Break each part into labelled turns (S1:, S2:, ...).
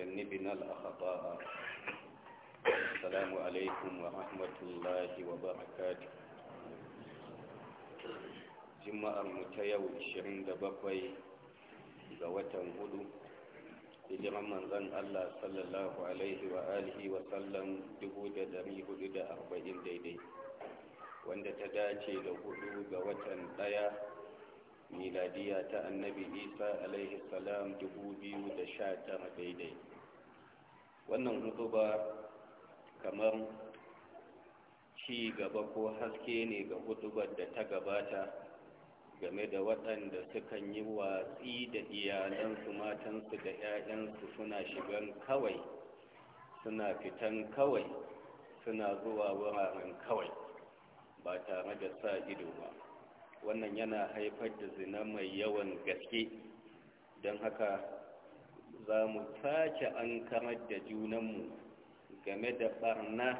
S1: وجنبنا الأخطاء السلام عليكم ورحمة الله وبركاته جمع المتيو 27 ga watan hudu hijiran manzan Allah sallallahu alaihi wa alihi wa sallam 1440 daidai wanda ta dace da hudu ga watan daya miladiya ta annabi isa alaihi salam 2019 daidai wannan hutu ba kamar ci gaba ko haske ne ga hudubar da ta gabata game da waɗanda sukan yi watsi da iyalansu matansu da 'ya'yansu suna shigan kawai suna fitan kawai suna zuwa wuraren kawai ba tare da sa ido ba wannan yana haifar da zina mai yawan gaske don haka Ba mu sace an kamar da junanmu game da barna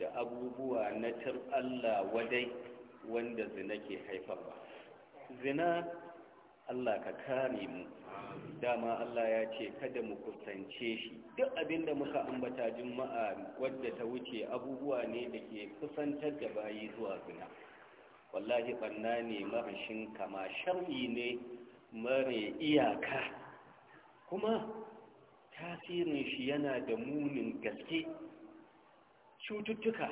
S1: da abubuwa na cin Allah wadai wanda zina ke haifar ba. zina Allah ka kare mu dama Allah ya ce kada mu kusance shi duk abinda muka ambata juma'a wadda ta wuce abubuwa ne da ke kusantar da bayi zuwa zina wallahi banna ne marashin kama shar'i ne mare iyaka kuma tasirin shi yana da munin gaske cututtuka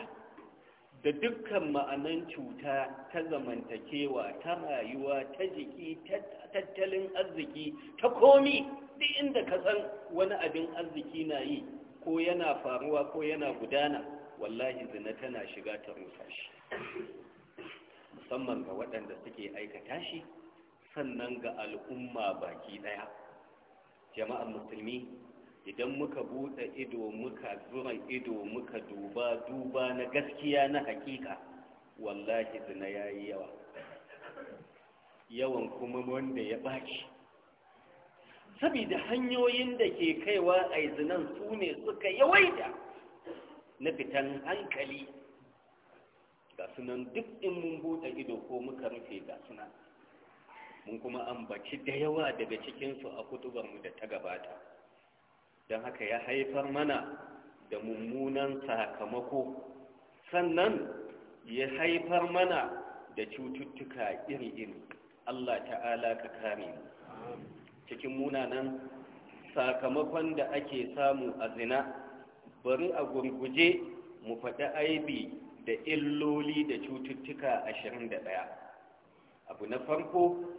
S1: da dukkan ma'anan cuta ta zamantakewa ta rayuwa ta jiki ta tattalin arziki ta komi duk inda ka san wani abin arziki na yi ko yana faruwa ko yana gudana wallahi zina tana shiga ta rusa shi musamman ga waɗanda suke aikata shi sannan ga al'umma baki ɗaya Jama'an musulmi idan muka buɗe ido muka zura ido muka duba duba na gaskiya na hakika wallahi zina ya yi yawa yawan kuma wanda ya ɓaci saboda hanyoyin da ke kaiwa a zinan su ne suka yawaita na fitan hankali ga sunan duk in mun buɗe ido ko muka rufe ga sunan mun kuma ambaci da yawa daga cikinsu a kutubarmu da ta gabata don haka ya haifar mana da mummunan sakamako sannan ya haifar mana da cututtuka iri-iri Allah ta'ala ka kare mu cikin munanan sakamakon da ake samu a zina bari a gurguje mu faɗi aibi da illoli da cututtuka ɗaya. abu na farko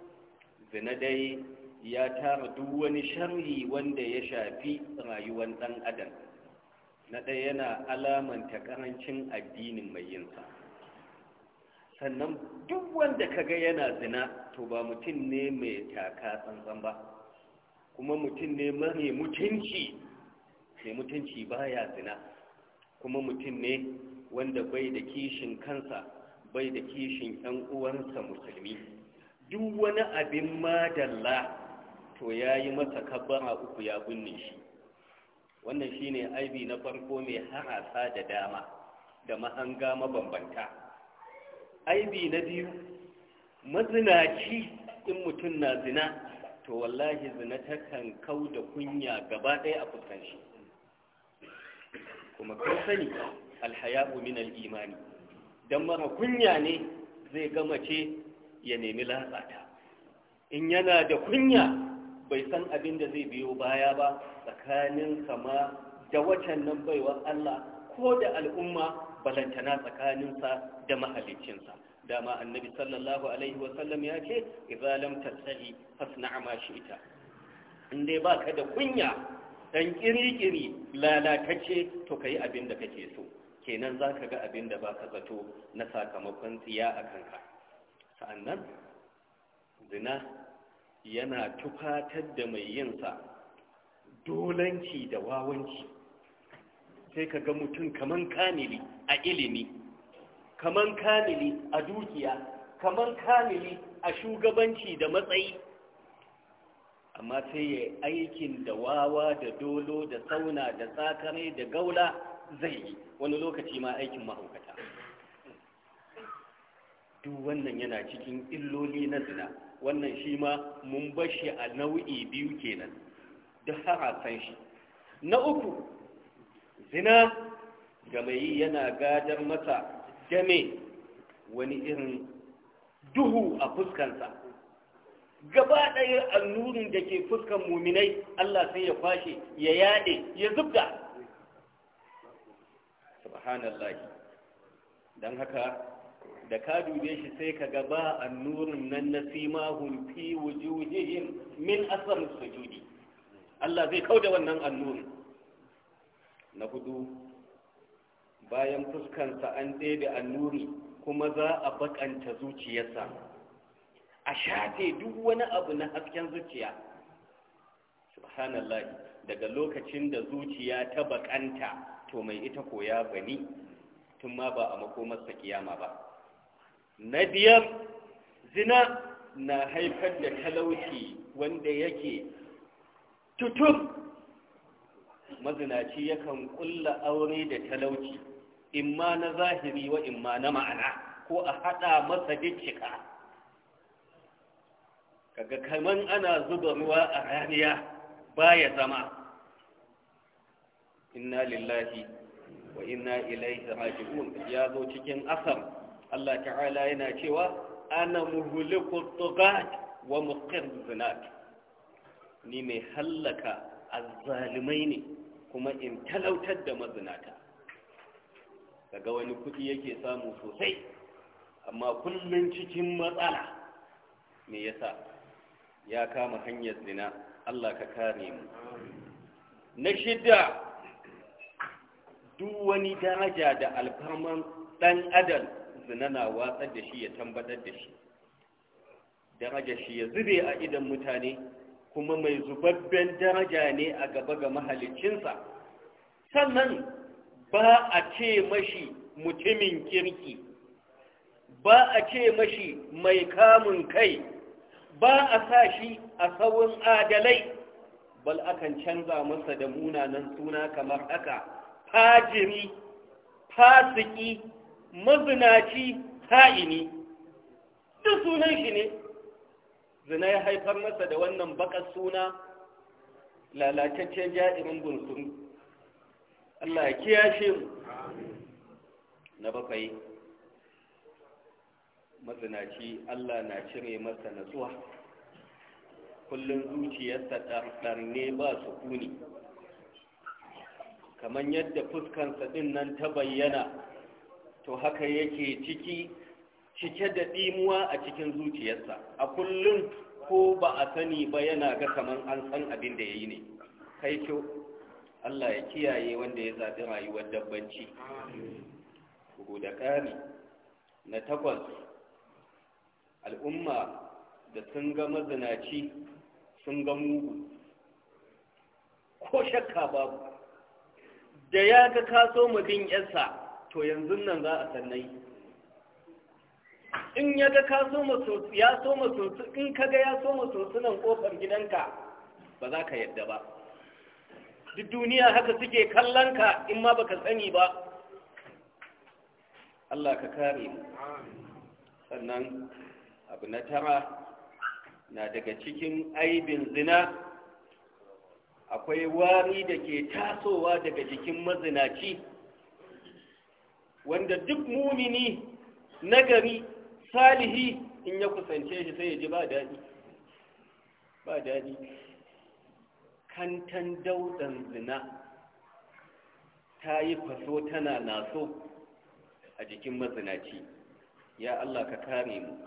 S1: zina dai ya tara duk wani sharri wanda ya shafi rayuwar ɗan adam na ɗaya yana alamanta ƙarancin addinin mai yinsa sannan duk wanda kaga yana zina to ba mutum ne mai taka tsantsan ba kuma mutum ne mai mutunci mai mutunci baya zina kuma mutum ne wanda bai da kishin kansa bai da kishin 'yan uwansa musulmi duk wani abin madalla to ya yi masa kabara uku ya gunne shi wannan shine aibi na farko mai harasa da dama da mahanga mabambanta aibi na biyu mazinaci in mutum na zina to wallahi zina takan kau da kunya gaba ɗaya a fuskan shi kuma kan sani alhayabu min imani dan mara kunya ne zai gama ce ya nemi latsata in yana da kunya bai san abin da zai biyo baya ba tsakanin kama da watan nan baiwa Allah ko da al'umma balantana tsakaninsa da mahalicinsa dama annabi sallallahu alaihi wasallam ya ce idza lam tasahi fasna ma ita. in dai ka da kunya dan kirikiri lalatacce to kai abin da kake so kenan zaka ga abin da baka zato na sakamakon tsiya a kanka sa'annan zina yana tufatar da mai yinsa dolanci da wawanci sai ka ga mutum kaman kamili a ilimi kaman kamili a dukiya kaman kamili a shugabanci da matsayi amma sai ya aikin da wawa da dolo da sauna da tsakarai da gaula zai yi wani lokaci ma aikin mahaukata duk wannan yana cikin illoli na zina wannan shi ma mun bashi a nau'i biyu kenan duk har san shi na uku zina ga mai yana gadar masa game wani irin duhu a fuskansa gaba ɗaya annurin da ke fuskan muminai Allah sai ya kwashe ya yaɗe ya zubda subhanallahi don haka da ka dube shi sai ka gaba ba annurun nan na simahun fi wujuhihim min asar sujudi Allah zai kauda wannan annurin na hudu bayan fuskansa an ɗebe annuri kuma za a bakanta zuciyarsa a shafe duk wani abu na hasken zuciya subhanallah daga lokacin da zuciya ta bakanta to mai ita koya bani tun ma ba a makomarsa kiyama ba na biyar zina na haifar da talauci wanda yake tutum mazinaci yakan kulla aure da talauci imma na zahiri wa imma na ma'ana ko a haɗa masa dukkan kaga kaman ana zuba ruwa a raniya baya zama inna lillahi wa inna ilaihi raji'un ya zo cikin asar Allah ta'ala yana cewa ana muhliku tughat wa muqir zinat ni mai hallaka azzalimai ne kuma in talautar da mazinata daga wani kuɗi yake samu sosai amma kullum cikin matsala me yasa ya kama hanyar zina Allah ka kare mu na shida duk wani daraja da alfarman ɗan adal. zina na watsar da shi ya tambatar da shi daraja shi ya zube a idan mutane kuma mai zubabben daraja ne a gaba ga mahalicinsa sannan ba a ce mashi mutumin kirki ba a ce mashi mai kamun kai ba a sa shi a saurin adalai bal akan canza masa da munanan suna kamar haka fajiri fasiki mazinaci ha'ini duk sunan shi ne zina ya haifar masa da wannan bakar suna lalataccen ja'irin bunsuru Allah ya kiyashe mu na bakwai mazinaci Allah na cire masa zuwa. kullum zuciyarsa ɗarɗarne ba su kuni kamar yadda fuskansa ɗin nan ta bayyana to haka yake ciki cike da ɗimuwa a cikin zuciyarsa a kullum ko ba a sani ba yana ga kaman an san abin da ya yi ne kai kyau allah ya kiyaye wanda ya zaɓi rayuwar dabbanci ku da ƙari na takwas al'umma da sun ga mazinaci sun ga mugu ko shakka babu da ya ga kaso mabin 'yarsa to yanzu nan za a sannai in ya ga ka ya so masosu in ka ga ya so masosu nan kofar gidanka ba za ka yadda ba duk duniya haka suke kallon ka in ma baka sani ba Allah ka kare mu sannan abu na tara na daga cikin aibin zina akwai wari da ke tasowa daga jikin mazinaci wanda duk mumini nagari salihi in ya kusance shi sai ya ji ba daɗi ba daɗi kantan daudan zina ta yi faso tana naso a jikin mazinaci ya Allah ka kare mu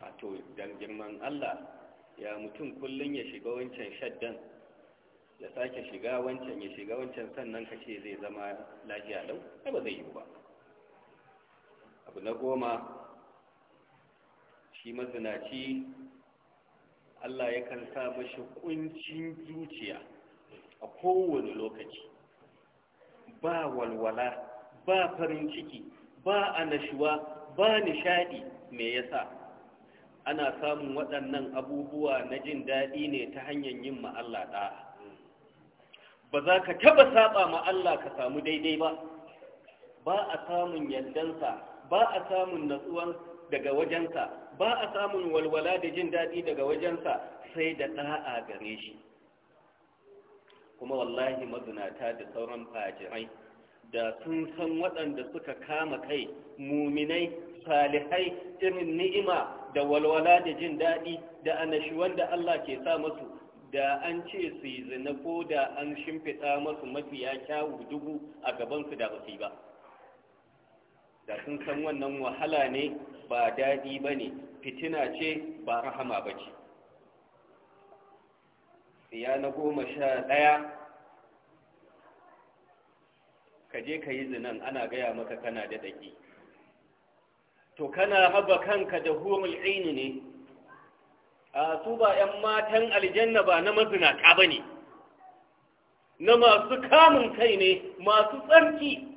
S1: a to dan girman Allah ya mutum kullum ya shiga wancan shaddan ya sake shiga wancan ya shiga wancan sannan kashe zai zama lafiya lau ba zai yi ba abu na goma shi mazinaci Allah ya kan sa mashi kuncin zuciya a kowane lokaci ba walwala ba farin ciki ba anashuwa ba nishadi me yasa ana samun waɗannan abubuwa na jin daɗi ne ta hanyar yin Allah ɗaya ba za ka taɓa saba ma Allah ka samu daidai ba ba a samun yaddansa. ba a samun natsuwan daga wajensa ba a samun walwala da jin daɗi daga wajensa sai da ɗa'a gare shi kuma wallahi mazinata da sauran fajirai da sun san waɗanda suka kama kai muminai salihai irin ni'ima da walwala da jin daɗi da anashi wanda Allah ke sa masu da an ce su yi zina ko da an shimfiɗa masu mafiya kyawu dubu a gabansu da ba yi ba da sun san wannan wahala ne ba daɗi ba ne fitina ce ba rahama ba ce siya na goma sha ɗaya ka je ka yi zinan ana gaya maka kana da ɗaki to kana haba kanka da hurul aini ne a su ba 'yan matan aljanna ba na mazinaka ba ne na masu kamun kai ne masu tsarki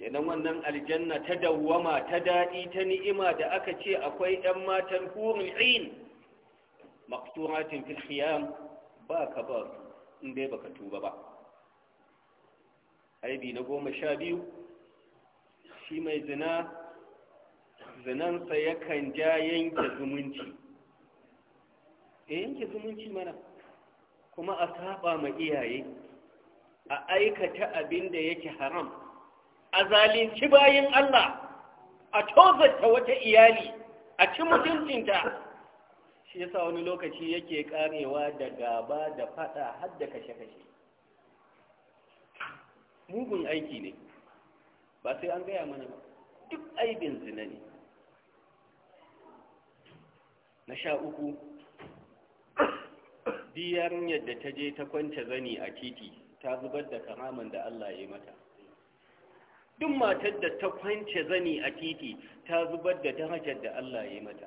S1: kenan wannan aljanna ta dawwama ta daɗi ta ni'ima da aka ce akwai ‘yan matan hurin ain makturatin fil khiyam ba ka ba in dai baka tuba ba aibi na goma sha biyu shi mai zina zinansa yakan ja yanke zumunci e yanke zumunci mana kuma a saba ma iyaye a aikata abin da yake haram a zalinci bayin Allah a tozarta wata iyali a ci mutuncinta shi yasa wani lokaci yake karewa da gaba da fada har da kashe-kashe mugun aiki ne ba sai an gaya mana ba duk aibin zina ne na sha uku biyar yadda ta je ta kwanta zani a titi ta zubar da karaman da Allah ya yi mata duk matar da ta kwance zani a titi ta zubar da darajar da Allah ya yi mata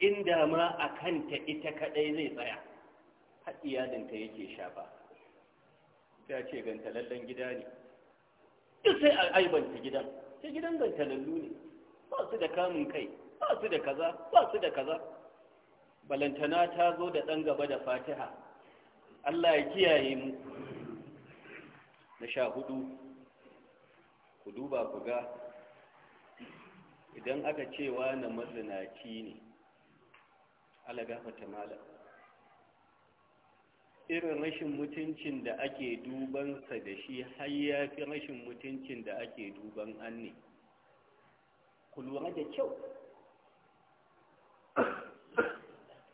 S1: inda ma a kanta ita kadai zai tsaya haɗiyadinta yake shafa ta ce gantalallen gida ne duk sai a aibanta gidan sai gidan gantalallu ne ba su da kamun kai ba su da kaza ba su da kaza balantana ta zo da ɗan gaba da fatiha Allah ya kiyaye mu na sha hudu ku duba ku ga idan aka cewa na mazinaci ne ala gafata mala irin rashin mutuncin da ake dubansa da shi har ya fi rashin mutuncin da ake duban an ne ku lura da kyau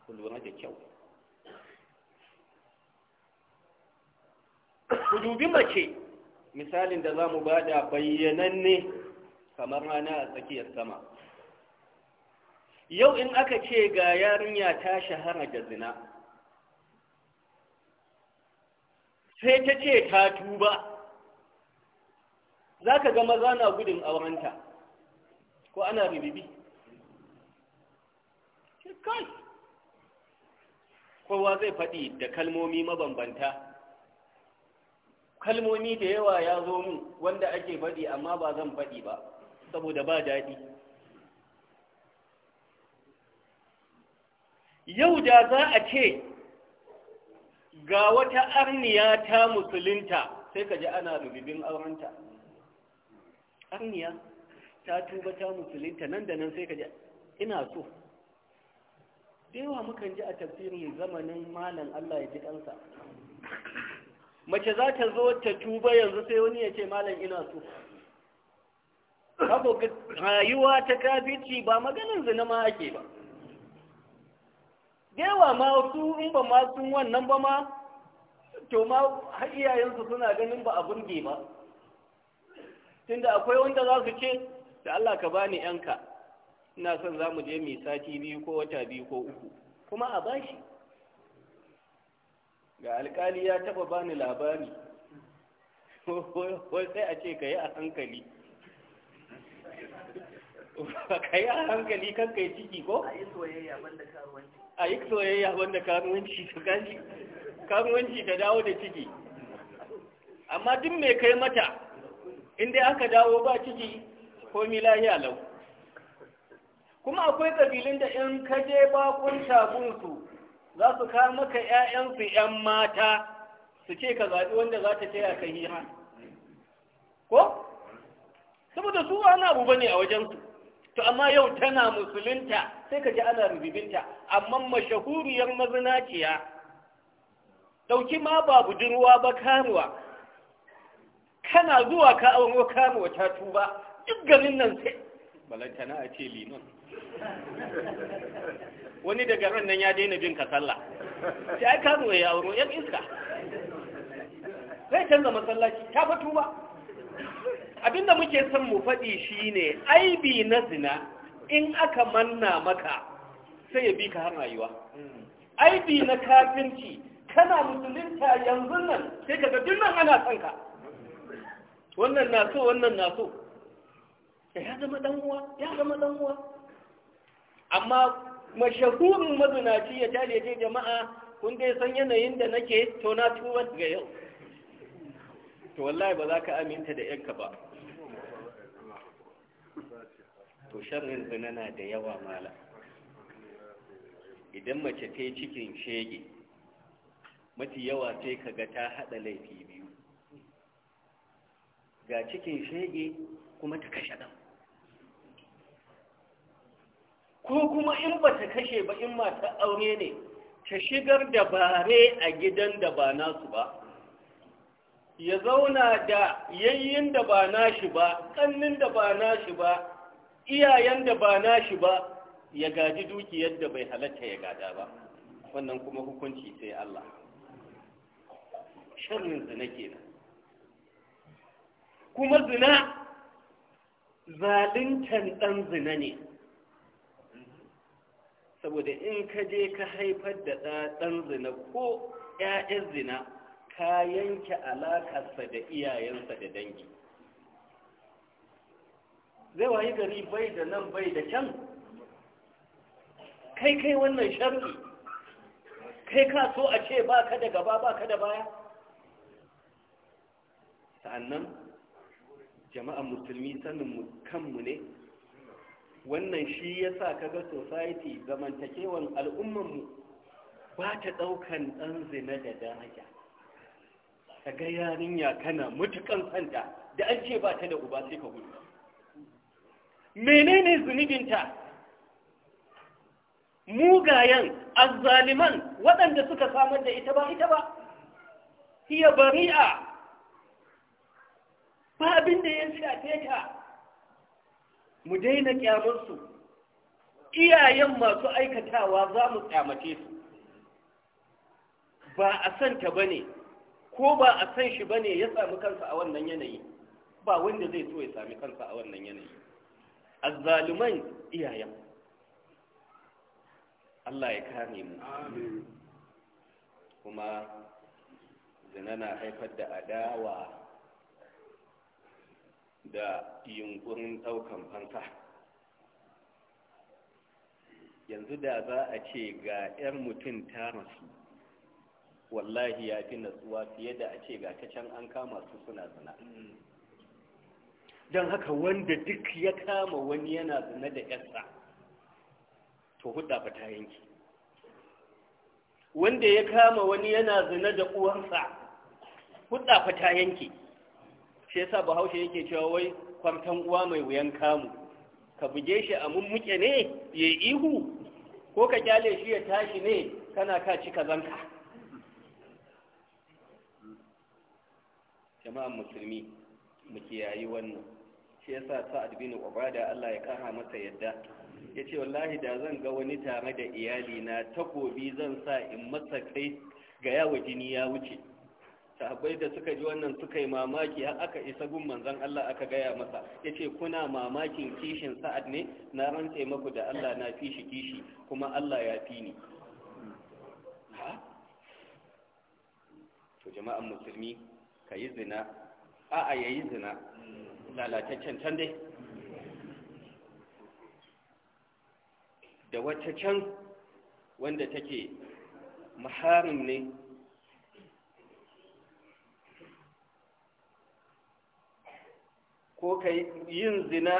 S1: ku lura da kyau ku dubi mace misalin da za mu bada bayyananne kamar rana a tsakiyar sama yau in aka ce ga yarinya ta shahara da zina sai ta ce ta tuba za ka ga maza na gudun aurenta ko ana ribibi kai kowa zai faɗi da kalmomi mabambanta kalmomi da yawa ya zo mun wanda ake faɗi amma ba zan faɗi ba saboda ba daɗi yau da za a ce ga wata arniya ta musulunta sai ka ji ana rubibin aurenta arniya ta tuba ta musulunta nan da nan sai ka ji ina so da yawa mukan ji a tafsirin zamanin malam Allah ya ji ɗansa mace za ta zo ta tuba yanzu sai wani ya ce malam ina so saboda rayuwa ta kafici ba maganin zina ma ake ba yawa ma su in ba ma sun wannan ba ma to ma har iyayensu suna ganin ba abun ge ba tunda akwai wanda za su ce da Allah ka bani yanka ina son za mu je mai sati biyu ko wata biyu ko uku kuma a bashi ga alkali ya taba bani labari wai sai a ce ka yi a hankali ka yi a hankali kan kai ciki ko? a yi soyayya wanda karuwanci a yi soyayya wanda karuwanci ka ta dawo da ciki amma duk mai kai mata inda aka dawo ba ciki ko lahiya lau kuma akwai ƙabilun da in ka je bakon shagunsu za su kawo maka 'ya'yansu 'yan mata su ce ka zaɓi wanda za ta taya ka hira ko saboda su ana abu bane a wajensu to amma yau tana musulunta sai ka ji ana rubibinta amma mashahuriyar mazinaciya ɗauki ma ba budurwa ba karuwa kana zuwa ka auro karuwa ta tuba duk ganin nan sai balantana a ce liman wani daga ran nan ya daina bin ka sallah sai ai kano ya auro yan iska Sai canza masallaci ta fatu ba abinda muke son mu faɗi shine aibi na zina in aka manna maka sai ya bi ka har rayuwa aibi na kafinci kana musulunta yanzu nan sai ka duk nan ana son ka wannan na so wannan na so ya zama dan uwa ya zama dan uwa amma mashahurin mazinaci ya tare je jama'a kun dai san yanayin da nake to na tuwa ga yau to wallahi ba za ka aminta da yanka ba to sharrin zunana da yawa mala idan mace ta cikin shege mafi yawa sai ga ta haɗa laifi biyu ga cikin shege kuma ta kashe ɗan ko kuma in ba ta kashe ba in mata aure ne ta shigar da bare a gidan da ba nasu ba ya zauna da yayyin da ba nashi ba kannin da ba nashi ba iyayen da ba nashi ba ya gaji dukiyar da bai halatta ya gada ba wannan kuma hukunci sai Allah shirin zina kenan kuma zina zalintan dan zina ne saboda in ka je ka haifar da ɗan zina ko ‘ya'yan zina ka yanke alakarsa da iyayensa da dangi zai wayi gari bai da nan bai da can kai kai wannan sharri kai ka so a ce ba ka da gaba ba ka da baya sa'annan jama'a musulmi sanin mu kanmu ne wannan shi ya sa ga society zamantakewan al'ummanmu ba ta ɗaukan ɗan zina da daraja ka ga yarinya kana mutukan santa da an ce ba ta da uba sai ka gudu menene zunubinta mugayen azzaliman waɗanda suka samar da ita ba ita ba hiya bari'a ba abin da ya shafe ta mu daina kyamarsu iyayen masu aikatawa za mu kyamace su ba a ta ba ne ko ba a san shi ba ne ya sami kansa a wannan yanayi ba wanda zai so ya sami kansa a wannan yanayi zaluman iyayen Allah ya kare mu kuma zina na haifar da adawa da yunkurin daukan fansa yanzu da za a ce ga 'yar mutum ta masu wallahi ya fi natsuwa fiye da a ce ga ta can an kama su suna zana don haka wanda duk ya kama wani yana zina da 'yarsa to hudda ba ta yanki wanda ya kama wani yana zina da uwarsa hudda fa ta yanki shi yasa bahaushe yake cewa wai kwartan uwa mai wuyan kamu ka buge shi a mummuke ne ya ihu ko ka kyale shi ya tashi ne kana ka ci kazanka jama'an musulmi mu yayi wannan shi yasa sa'ad bin ubada Allah ya kara masa yadda yace wallahi da zan ga wani tare da iyali na takobi zan sa in masa kai ga yawo jini ya wuce sahabbai da suka ji wannan suka yi mamaki har aka isa gun manzon Allah aka gaya masa yace kuna mamakin kishin sa'ad ne na rantse maku da Allah na fi kishi kuma Allah ya fi ni to jama'an musulmi kayi zina a a yayi zina lalataccen can dai da wata can wanda take maharin ne ko ka yin zina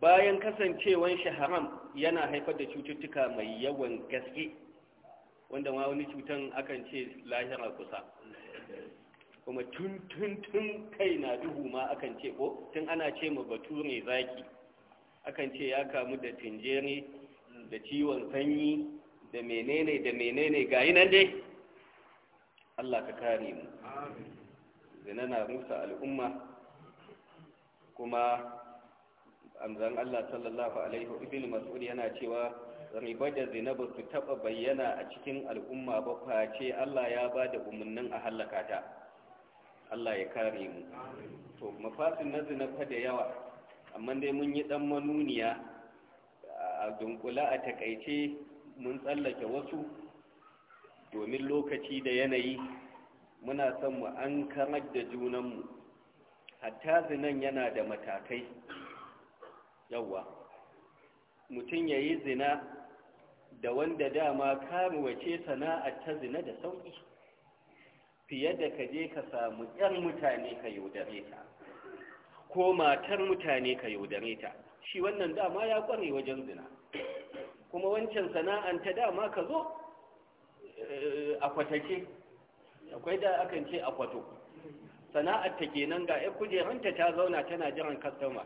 S1: bayan kasancewan shi yana haifar da cututtuka mai yawan gaske wanda ma wani cutan akan ce lahira kusa kuma tun tun tun kai na duhu ma akan ce ko tun ana ce ma bature zaki akan ce ya kamu da tinjere da ciwon sanyi da menene da menene Ga yi nan dai Allah ka kare mu zina na rusa al'umma kuma amzan Allah sallallahu alaihi ibn mas'ud yana cewa riba da zinabu su taba bayyana a cikin al'umma ba ce Allah ya ba da umarnin a halaka ta Allah ya kare mu to mafasin na zinafa da yawa amma dai mun yi dan manuniya a dunkula a takaice mun tsallake wasu domin lokaci da yanayi muna son mu an karar da junanmu hatta zinan yana da matakai yawa mutum ya yi zina da wanda dama ce sana'a ta zina da sauƙi fiye da ka je ka samu ‘yan mutane ka yaudare ta ko matar mutane ka yaudare ta shi wannan dama ya ƙware wajen zina kuma wancan sana'an ta dama ka zo eh, a akwai da akan ce a kwato sana'ar ta kenan ga ya kujeranta ta zauna tana jiran kastoma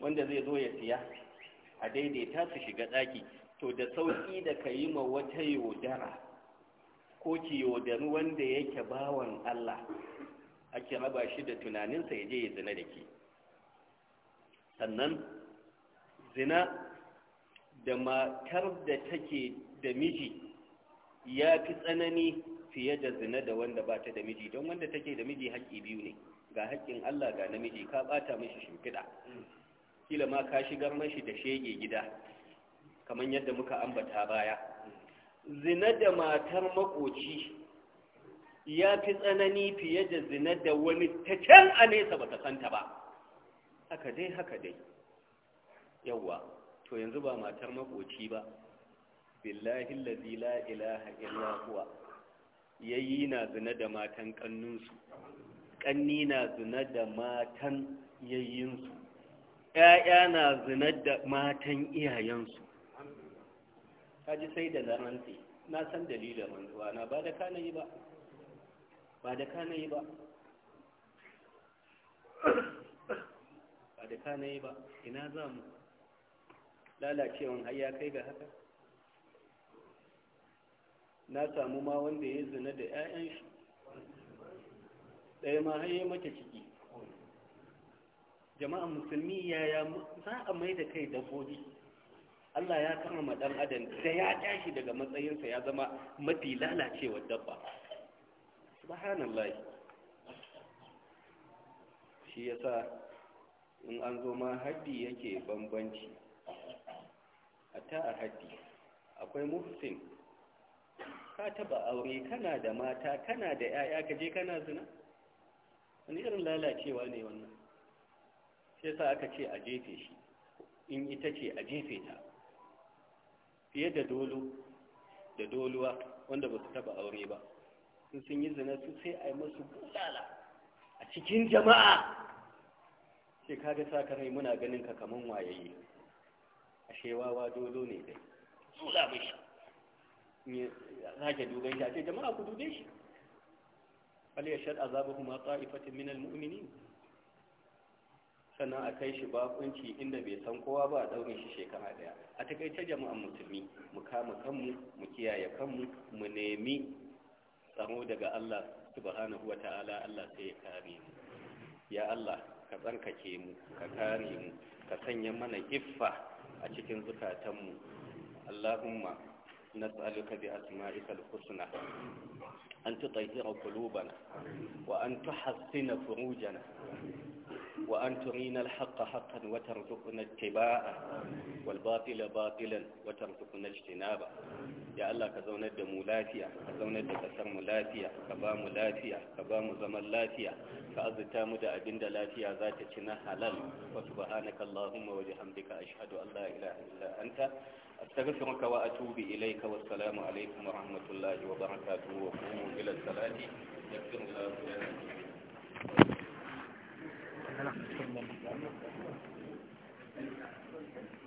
S1: wanda zai zo ya siya a daidaita su shiga ɗaki to da sauƙi da ka yi ma wata yodara ko ki yodari wanda yake bawan Allah ake raba shi da tunaninsa ya je ya zina da ke sannan zina da matar da take da miji ya fi tsanani fiye da zina da wanda ba ta da miji don wanda take da miji haƙƙi biyu ne ga haƙƙin Allah ga namiji ka ɓata mashi shimfiɗa kila ma ka shigar mashi da shege gida kamar yadda muka ambata baya zina da matar makoci ya fi tsanani fiye da zina da wani ta can a nesa ba ta santa ba haka dai haka dai yawwa to yanzu ba matar makoci ba billahi la ilaha illa huwa yayi na zina da matan ƙanninsu. kanni na zina da matan yayyinsu ƴaƴa na zina da matan iyayensu ta ji sai da zamanti na san dalilin rantsuwa na ba da ka yi ba ba da ka yi ba ba da ka yi ba ina za mu lalacewan har ya kai ga haka na samu ma wanda ya zina da 'ya'yan shi ɗaya ma har yi mata ciki jama'a musulmi ya za a mai da kai dabbobi Allah ya karama dan adam da ya tashi daga matsayinsa ya zama mafi lalacewa dabba subhanallahi shi yasa in an zo ma haddi yake bambanci ta a haddi akwai muhsin ka taba aure kana da mata kana da yaya ka je kana zina wani irin lalacewa ne wannan sai sa aka ce a jefe shi in ita ce a jefe ta fiye da dolo da doluwa wanda ba su taba aure ba sun sun yi zina su sai a yi masu bulala a cikin jama'a sai kaga sa ka rai muna ganin ka kaman wayaye ashe wawa dolo ne dai tsula mishi sake duban shi a ce jama'a ku dube shi fal yashad azabuhuma ta'ifatin sannan a kai shi bakunci inda bai san kowa ba a daure shi shekara daya a takaice jama'an musulmi mu kama kanmu mu kiyaye kanmu mu nemi tsaro daga Allah subhanahu wa ta'ala Allah sai ya kare mu ya Allah ka tsarkake mu ka kare mu ka sanya mana iffa a cikin zukatanmu Allahumma نسألك بأسمائك الحسنى أن تطهر قلوبنا وأن تحسن فروجنا وأن ترينا الحق حقا وترزقنا اتباعه والباطل باطلا وترزقنا اجتنابه يا الله كذونا الدم لافيا كزونا الدكسر لافيا كبام لافيا كبام زمن لافيا كأزتا مدى أبند لافيا ذات شنا حلال وسبحانك اللهم وبحمدك أشهد أن لا إله إلا أنت أستغفرك وأتوب إليك والسلام عليكم ورحمة الله وبركاته وقوموا إلى الصلاة يغفر الله لكم